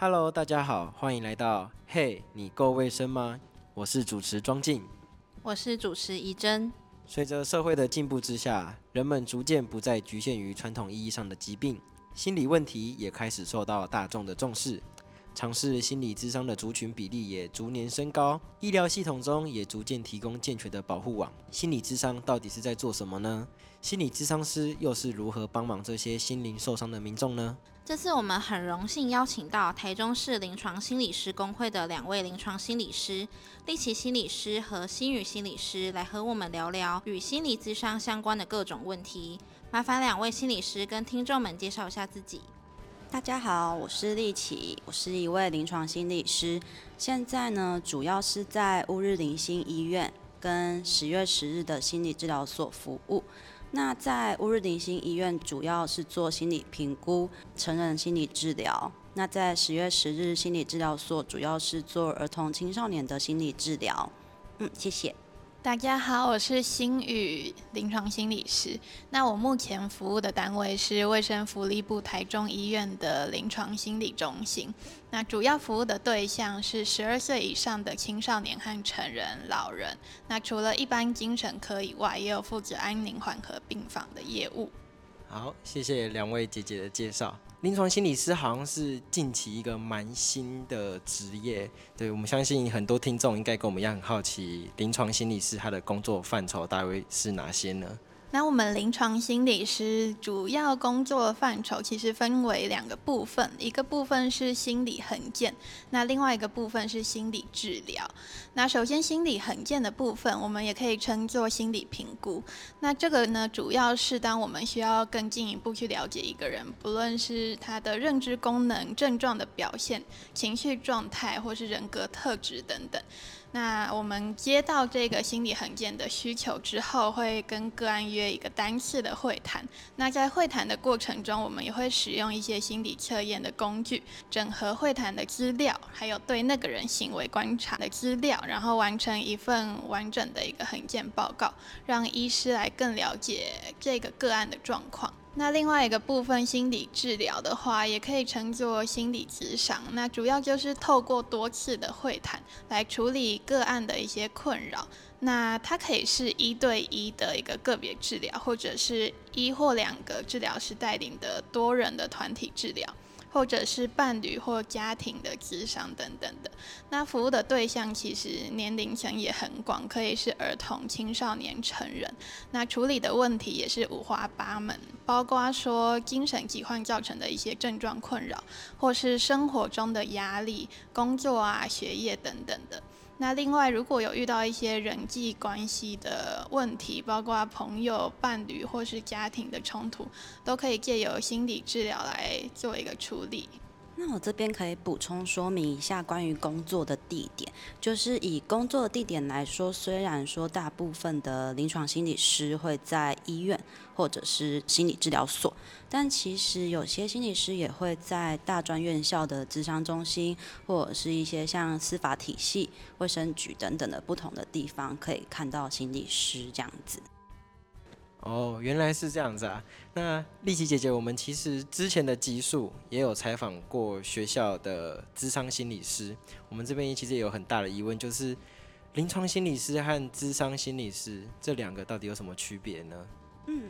Hello，大家好，歡迎來到《嘿，你夠衛生嗎？》我是主持莊敬，我是主持宜甄。隨着社會的進步之下，人們逐漸不再局限於傳統意義上的疾病，心理問題也開始受到大眾的重視，嘗試心理諮商的族群比例也逐年升高，醫療系統中也逐漸提供健全的保護網。心理諮商到底是在做什麼呢？心理諮商師又是如何幫忙這些心靈受傷的民眾呢？這次我們很榮幸邀請到台中市臨床心理師公會的兩位臨床心理師，力琪心理師和欣語心理師來和我們聊聊與心理諮商相關的各種問題。麻煩兩位心理師跟聽眾們介紹一下自己。大家好，我是力琪，我是一位臨床心理師，現在呢，主要是在烏日林心醫院跟十月十日的心理治療所服務。那在烏日鼎新醫院主要是做心理評估、成人心理治療。那在十月十日心理治療所主要是做兒童青少年的心理治療。嗯，謝謝。大家好，我是欣語臨床心理師。那我目前服務的單位是衛生福利部台中醫院的臨床心理中心。那主要服務的對象是十二歲以上的青少年和成人、老人。那除了一般精神科以外，也有負責安寧緩和病房的業務。好，謝謝兩位姐姐的介紹。臨床心理師好像是近期一個蠻新的職業，對，我們相信很多聽眾應該跟我們一樣很好奇，臨床心理師他的工作範疇大概會是哪些呢？那我們臨床心理師主要工作範疇其實分為兩個部分，一個部分是心理衡鑑，那另外一個部分是心理治療。那首先心理衡鑑的部分，我們也可以稱作心理評估。那這個呢，主要是當我們需要更進一步去了解一個人，不論是他的認知功能、症狀的表現、情緒狀態，或是人格特質等等。那我們接到這個心理衡鑑的需求之後，會跟個案約一個單次的會談。那在會談的過程中，我們也會使用一些心理測驗的工具，整合會談的資料，還有對那個人行為觀察的資料，然後完成一份完整的一個衡鑑報告，讓醫師來更了解這個個案的狀況。那另外一個部分，心理治療的話，也可以稱作心理諮商。那主要就是透過多次的會談來處理個案的一些困擾。那它可以是一對一的一個個別治療，或者是一或兩個治療師帶領的多人的團體治療。或者是伴侶或家庭的諮商等等的，那服務的對象其實年齡層也很廣，可以是兒童、青少年、成人。那處理的問題也是五花八門，包括說精神疾患造成的一些症狀困擾，或是生活中的壓力、工作啊、學業等等的。那另外，如果有遇到一些人際關係的問題，包括朋友、伴侶或是家庭的衝突，都可以借由心理治療來做一個處理。那我這邊可以補充說明一下關於工作的地點，就是以工作的地點來說，雖然說大部分的臨床心理師會在醫院或者是心理治療所，但其實有些心理師也會在大專院校的諮商中心，或者是一些像司法體系、衛生局等等的不同的地方可以看到心理師這樣子。哦，原來是這樣子啊。那力琪姐姐，我們其實之前的集數也有採訪過學校的諮商心理師。我們這邊其實也有很大的疑問，就是臨床心理師和諮商心理師這兩個到底有什麼區別呢？嗯，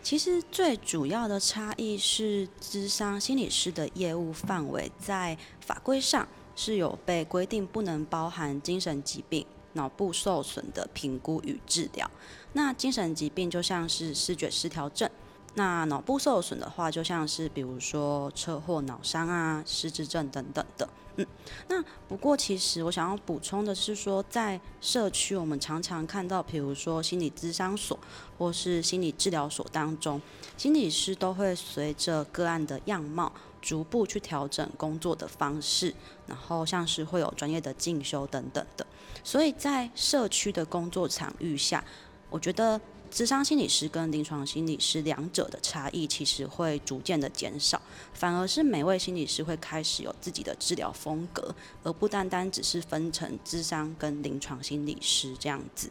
其實最主要的差異是諮商心理師的業務範圍在法規上是有被規定不能包含精神疾病。腦部受損的評估與治療，那精神疾病就像是思覺失調症。那腦部受損的話，就像是比如說車禍腦傷啊、失智症等等的。嗯，那不過其實我想要補充的是說，在社區我們常常看到，比如說心理諮商所或是心理治療所當中，心理師都會隨着個案的樣貌，逐步去調整工作的方式，然後像是會有專業的進修等等的。所以在社區的工作場域下，我覺得。諮商心理師跟臨床心理師兩者的差異其實會逐漸的減少，反而是每位心理師會開始有自己的治療風格，而不單單只是分成諮商跟臨床心理師這樣子。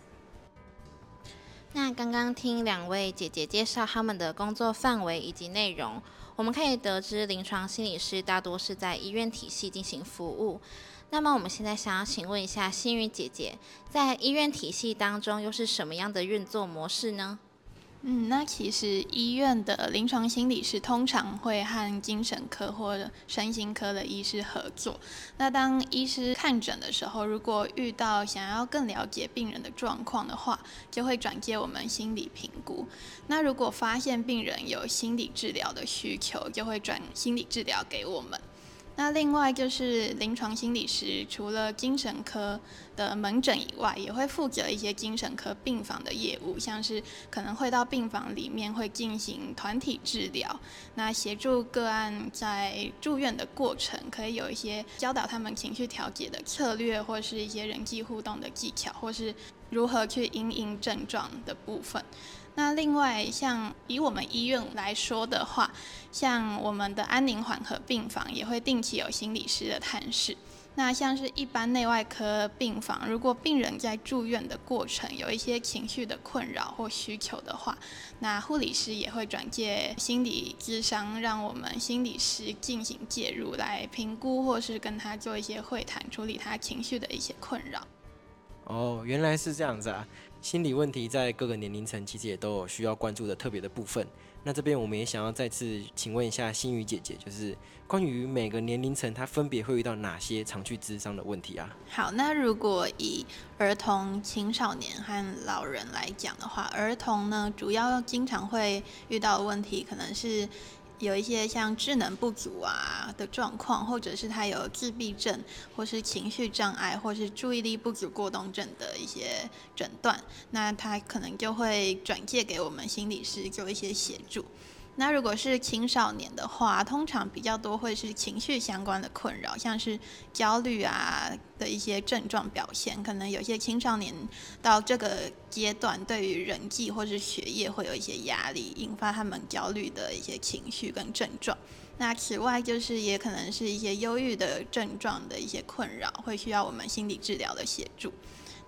那剛剛聽兩位姐姐介紹他們的工作範圍以及內容，我們可以得知臨床心理師大多是在醫院體系進行服務。那麼我們現在想要請問一下欣語姐姐，在醫院體系當中又是什麼樣的運作模式呢？嗯，那其實醫院的臨床心理師通常會和精神科或神經科的醫師合作。那當醫師看診的時候，如果遇到想要更了解病人的狀況的話，就會轉接我們心理評估。那如果發現病人有心理治療的需求，就會轉心理治療給我們。那另外就是臨床心理師，除了精神科的門診以外，也會負責一些精神科病房的業務，像是可能會到病房裡面會進行團體治療，那協助個案在住院的過程，可以有一些教導他們情緒調節的策略，或是一些人際互動的技巧，或是如何去因應症狀的部分。那另外，像以我們醫院來說的話，像我們的安寧緩和病房也會定期有心理師的探視。那像是一般內外科病房，如果病人在住院的過程有一些情緒的困擾或需求的話，那護理師也會轉介心理諮商，讓我們心理師進行介入，來評估或是跟他做一些會談，處理他情緒的一些困擾。哦，原來是這樣子啊！心理問題在各個年齡層其實也都有需要關注的特別的部分。那這邊我們也想要再次請問一下欣語姐姐，就是關於每個年齡層，它分別會遇到哪些常去諮商的問題啊？好，那如果以兒童、青少年和老人來講的話，兒童呢，主要經常會遇到的問題，可能是有一些像智能不足啊的狀況，或者是他有自閉症，或是情緒障礙，或是注意力不足過動症的一些診斷，那他可能就會轉介給我們心理師做一些協助。那如果是青少年的話，通常比較多會是情緒相關的困擾，像是焦慮啊的一些症狀表現。可能有些青少年到這個階段，對於人際或是學業會有一些壓力，引發他們焦慮的一些情緒跟症狀。那此外，就是也可能是一些憂鬱的症狀的一些困擾，會需要我們心理治療的協助。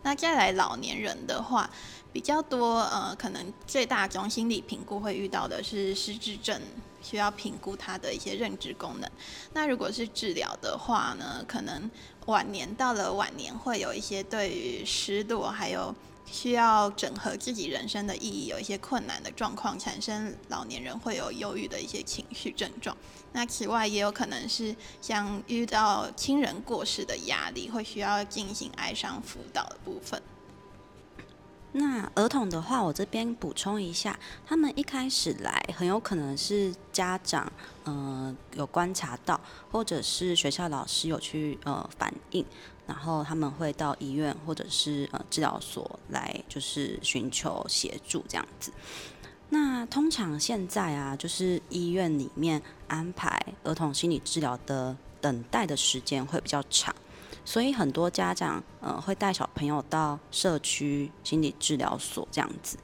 那再來老年人的話，比較多，呃，可能最大中心理評估會遇到的是失智症，需要評估他的一些認知功能。那如果是治療的話呢，可能晚年到了晚年會有一些對於失落還有。需要整合自己人生的意義，有一些困難的狀況產生，老年人會有憂鬱的一些情緒症狀。那此外，也有可能是像遇到親人過世的壓力，會需要進行哀傷輔導的部分。那兒童的話，我這邊補充一下，他們一開始來，很有可能是家長，嗯、呃，有觀察到，或者是學校老師有去，呃，反映。然後他們會到醫院或者是呃治療所來，就是尋求協助這樣子。那通常現在啊，就是醫院裡面安排兒童心理治療的等待的時間會比較長，所以很多家長呃會帶小朋友到社區心理治療所這樣子。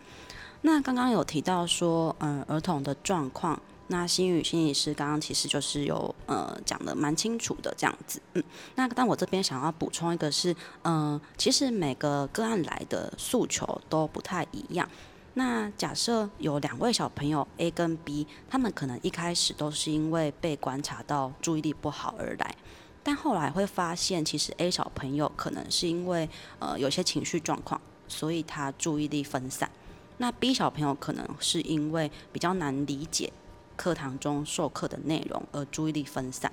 那剛剛有提到說，嗯、呃，兒童的狀況。那欣語心理師剛剛其實就是有呃講的蠻清楚的這樣子，嗯，那但我這邊想要補充一個是，嗯、呃，其實每個個案來的訴求都不太一樣。那假設有兩位小朋友 A 跟 B，他們可能一開始都是因為被觀察到注意力不好而來，但後來會發現，其實 A 小朋友可能是因為呃有些情緒狀況，所以他注意力分散。那 B 小朋友可能是因為比較難理解課堂中授課的內容而注意力分散，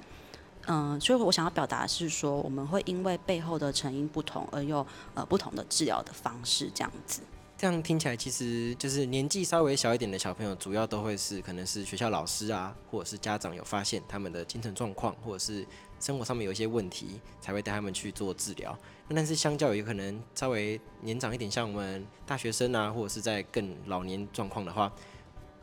嗯，所以我想要表達的是說，我們會因為背後的成因不同，而用呃不同的治療的方式這樣子。這樣聽起來，其實就是年紀稍微小一點的小朋友，主要都會是可能是學校老師啊，或者是家長有發現他們的精神狀況，或者是生活上面有一些問題，才會帶他們去做治療。那但是相較於可能稍微年長一點，像我們大學生啊，或者是在更老年狀況的話。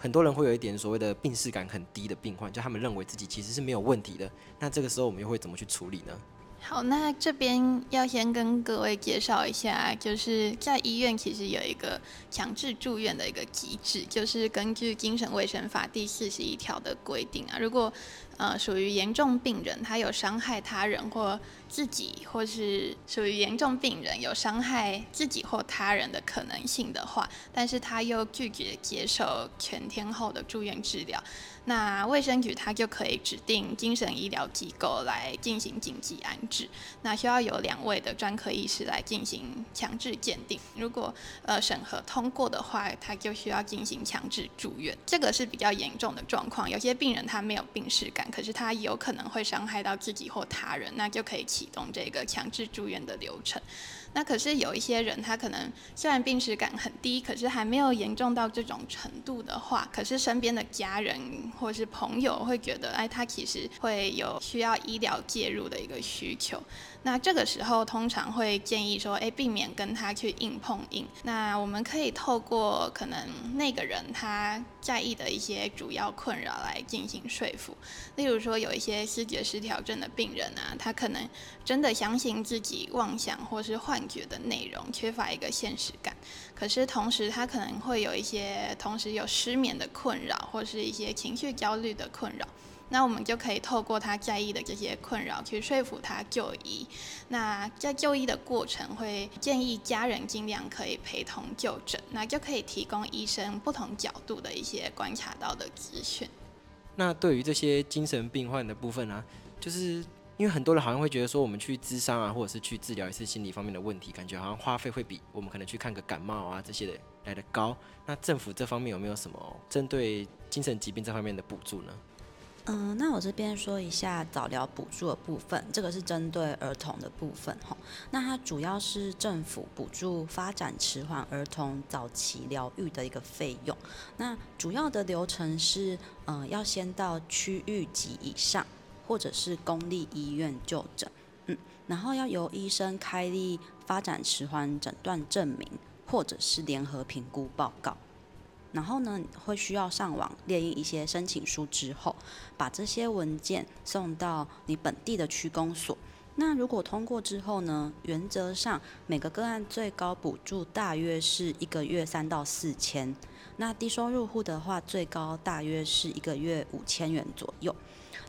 很多人會有一點所謂的病識感很低的病患，就他們認為自己其實是沒有問題的。那這個時候我們又會怎麼去處理呢？好，那這邊要先跟各位介紹一下，就是在醫院其實有一個強制住院的一個機制，就是根據《精神衛生法》第四十一條的規定啊，如果，呃，屬於嚴重病人，他有傷害他人或自己，或是屬於嚴重病人有傷害自己或他人的可能性的話，但是他又拒絕接受全天候的住院治療，那衛生局他就可以指定精神醫療機構來進行緊急安置。那需要有兩位的專科醫師來進行強制鑑定，如果呃審核通過的話，他就需要進行強制住院。這個是比較嚴重的狀況，有些病人他沒有病識感。可是他有可能會傷害到自己或他人，那就可以啟動這個強制住院的流程。那可是有一些人，他可能雖然病恥感很低，可是還沒有嚴重到這種程度的話，可是身邊的家人或是朋友會覺得，哎，他其實會有需要醫療介入的一個需求。那這個時候通常會建議說，哎，避免跟他去硬碰硬。那我們可以透過可能那個人他在意的一些主要困擾來進行說服。例如說，有一些思覺失調症的病人啊，他可能真的相信自己妄想或是幻覺的內容，缺乏一個現實感。可是同時，他可能會有一些同時有失眠的困擾，或是一些情緒焦慮的困擾。那我們就可以透過他在意的這些困擾去說服他就醫。那在就醫的過程，會建議家人盡量可以陪同就診，那就可以提供醫生不同角度的一些觀察到的資訊。那對於這些精神病患的部分呢、啊？就是因為很多人好像會覺得說，我們去諮商啊，或者是去治療一次心理方面的問題，感覺好像花費會比我們可能去看個感冒啊這些的來得高。那政府這方面有沒有什麼針對精神疾病這方面的補助呢？嗯，那我這邊說一下早療補助的部分，這個是針對兒童的部分哈。那它主要是政府補助發展遲緩兒童早期療癒的一個費用。那主要的流程是，嗯，呃，要先到區域級以上或者是公立醫院就診，嗯，然後要由醫生開立發展遲緩診斷證明或者是聯合評估報告。然後呢，會需要上網列印一些申請書之後，把這些文件送到你本地的區公所。那如果通過之後呢，原則上每個個案最高補助大約是一個月三到四千，那低收入戶的話，最高大約是一個月五千元左右。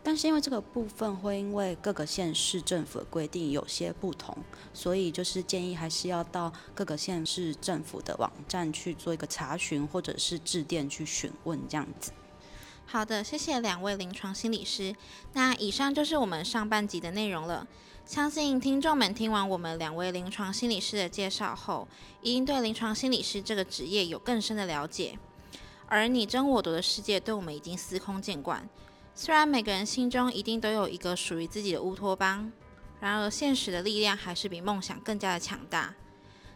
但是因為這個部分會因為各個縣市政府的規定有些不同，所以就是建議還是要到各個縣市政府的網站去做一個查詢，或者是致電去詢問這樣子。好的，謝謝兩位臨床心理師。那以上就是我們上半集的內容了。相信聽眾們聽完我們兩位臨床心理師的介紹後，已經對臨床心理師這個職業有更深的了解。而你爭我奪的世界，對我們已經司空見慣。雖然每個人心中一定都有一個屬於自己的烏托邦，然而現實的力量還是比夢想更加的強大。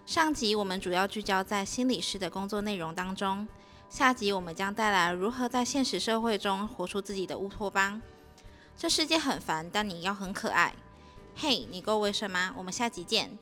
上集我們主要聚焦在心理師的工作內容當中，下集我們將帶來如何在現實社會中活出自己的烏托邦。這世界很煩，但你要很可愛。嘿，你夠衛生嗎？我們下集見。